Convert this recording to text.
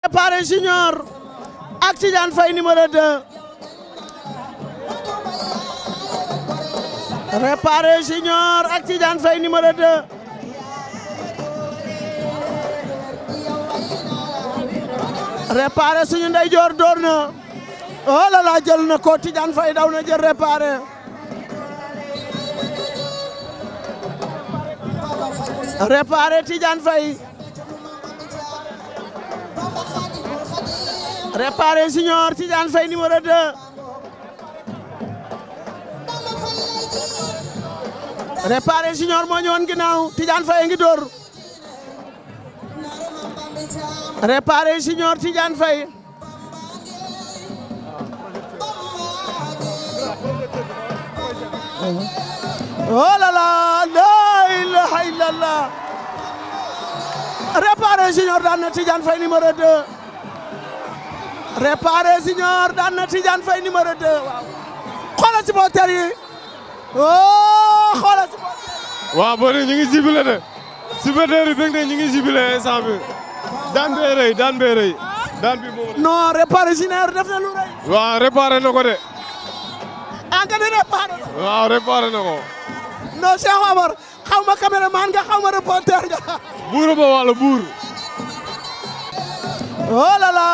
préparé junior ak Tidiane Faye numéro 2 préparé junior ak Tidiane Faye numéro 2 préparé suñu ndeyjoor door na oh là jël na ko Tidiane Faye daw na jël préparé préparé Tidiane réparé junior Tidiane Faye numéro 2 réparé junior moo ngi dóor réparé junior Tidiane réparé Junior oh, dan na Tidiane Faye numéro 2 waaw xoolal supporter yi oh xoolal supporter yi. waaw boo dee ñu ngi jubilé de supporter yi fekk na ñu ngi jubilé instant dan daan bee dan daan bee dan daan bi moo. non réparé Junior def na lu rëy. waaw réparé na ko de. ah nga ne réparé na. waaw réparé na non Cheikh Omar xaw ma caméraman nga xaw ma reporter nga. buur ba wàllu buur. oh la la